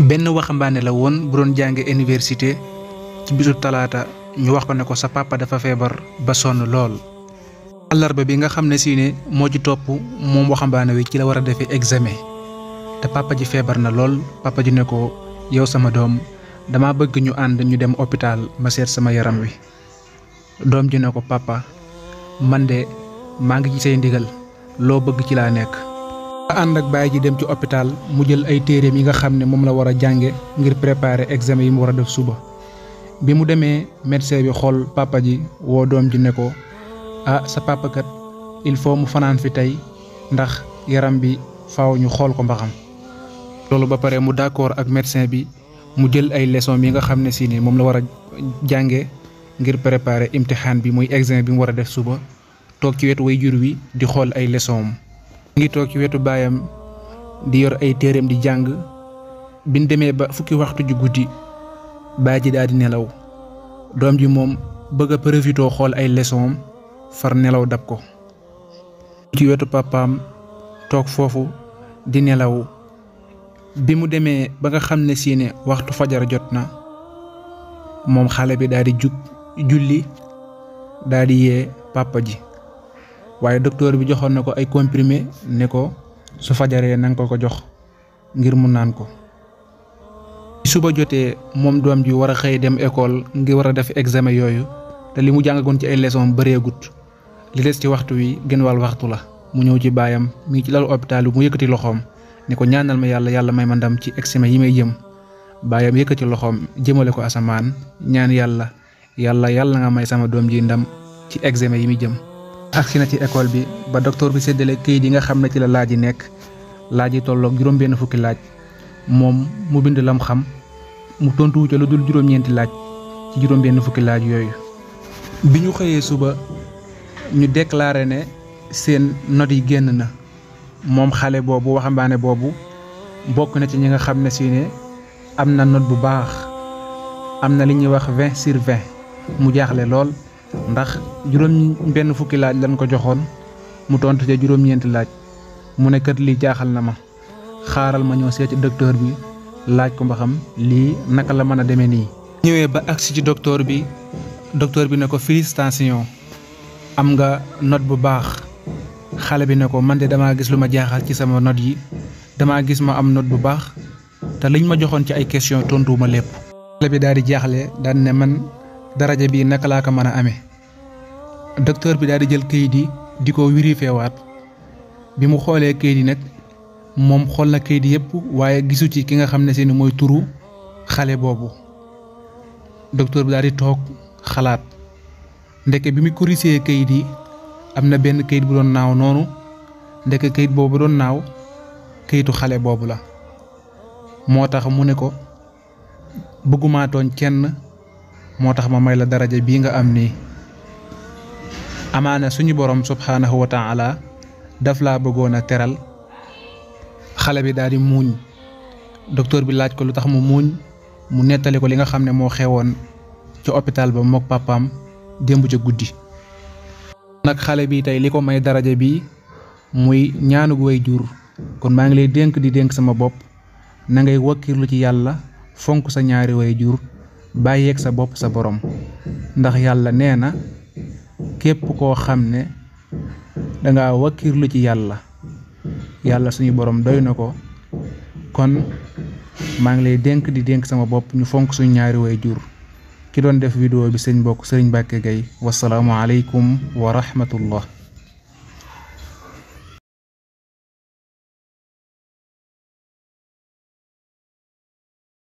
benn waxambaane la woon bu doon jànge université ci bisu talaata ñu wax ko ne ko sa papa dafa feebar ba sonn lool àllarba bi nga xam ne si ne moo ci topp moom waxambaane wi ci la war a examen te papa ji feebar na lool papa ji ne ko yow sama doom dama bëgg ñu ànd ñu dem hôpital ma seet sama yaram wi doom ji ne ko papa man de maa ngi ci say ndigal loo bëgg ci laa nekk ànd ak baay ji dem ci hôpital mu jël ay téeréem yi nga xam ne moom la war a jànge ngir préparer examen yi mu war a def suba bi mu demee médecin bi xool papa ji woo doom ji ne ko ah sa papa il faut mu fanaan fi tey ndax yaram bi faw ñu xool ko mbaxam loolu ba pare mu d'accord ak médecin bi mu jël ay leçon yi nga xam ne si moom la war a jànge ngir préparer imtixaan bi muy examen bi mu war a def suba toog ci wetu way jur wi di xool ay leçon ngi toog ci wetu baayam di yor ay téereem di jàng biñ demee ba fukki waxtu ju guddi baay ji daal di nelaw doom ji moom bëgg a profitoo xool ay leçon far nelaw dab ko ci wetu papaam toog foofu di nelaw bi mu demee ba nga xam ne siine waxtu fajar jot na moom xale bi daal di julli daldi di yee papa ji waaye docteur bi joxoon na ko ay comprimé ne ko su fajaree nang ko ko jox ngir mu naan ko. suba jotee moom doom ji war a xëy dem école ngir war a def examen yooyu te li mu jàngagoon ci ay leçon bëreegut li des ci waxtu wi gën wal waxtu la mu ñëw ci mi ci lalu hôpital mu yëkkati loxoom ne ko ñaanal ma yàlla yàlla may ma ndam ci examen yi may jëm baayam yëkkati loxoom jëmale ko asaman ñaan yalla yalla yalla nga may sama doom ji ndam ci examen yi mi jëm. agsi na ci école bi ba docteur bi séddale këyit yi nga xam ne ci la laaj yi nekk laaj yi tolloog juróom-benn fukki laaj moom mu bind lam xam mu tontuwu ca lu dul juróom-ñeenti laaj ci juróom-benn fukki laaj yooyu. bi ñu xëyee suba ñu déclaré ne seen notes yi génn na moom xale boobu waxambaane boobu bokk na ci ñi nga xam ne si ne am na not bu baax am na li ñuy wax vingt sur vingt mu jaaxle lool. ndax juróom benn fukki laaj lañ ko joxoon mu tontu ca juróom-ñeenti laaj mu ne kat lii jaaxal na ma xaaral ma ñëw seeti docteur bi laaj ko ba xam lii naka la mën a demee nii. ñëwee ba agsi ci docteur bi docteur bi ne ko félicitation am nga note bu baax xale bi ne ko man de damaa gis lu ma jaaxal ci sama not yi damaa gis ma am not bu baax te liñ ma joxoon ci ay question tontuwuma lépp. xale bi daal jaaxle daan ne man. daraja bii naka laa ko mën a amee docteur bi daal di jël kayit yi di ko wirifeewaat bi mu xoolee kayit yi nag moom xool na kayit yëpp waaye gisu ci ki nga xam ne si mooy turu xale boobu docteur bi daal di toog xalaat ndeke bi mu corrigé kayit yi am na benn kayit bu doon naaw noonu ndeke kayit boobu doon naaw kayitu xale boobu la moo tax mu ne ko bëgguma tooñ kenn motax ma may la daraja bi nga am ni amaana suñu borom subhanahu wa taala daf la bëggona téral teral bi daali muñ docteur bi laaj ko lutax mu muñ mu nettali ko li nga xam mo xewon ci hôpital ba mok papam dembu ci guddi nak xalé bi tay liko may daraja bi muy ñaanug way jur kon ma ngi lay denk di denk sama bop na ngay wakkirlu ci yalla fonk sa ñaari way jur ak sa bop sa borom ndax yalla nee na ko xamne da nga wakir lu ci yalla yalla suñu borom doyna ko kon ma ngi lay denk di denk sama bop ñu fonk suñu ñaari way jur ki doon def video bi bok señ sëriñ gay wassalamu alaykum wa rahmatullah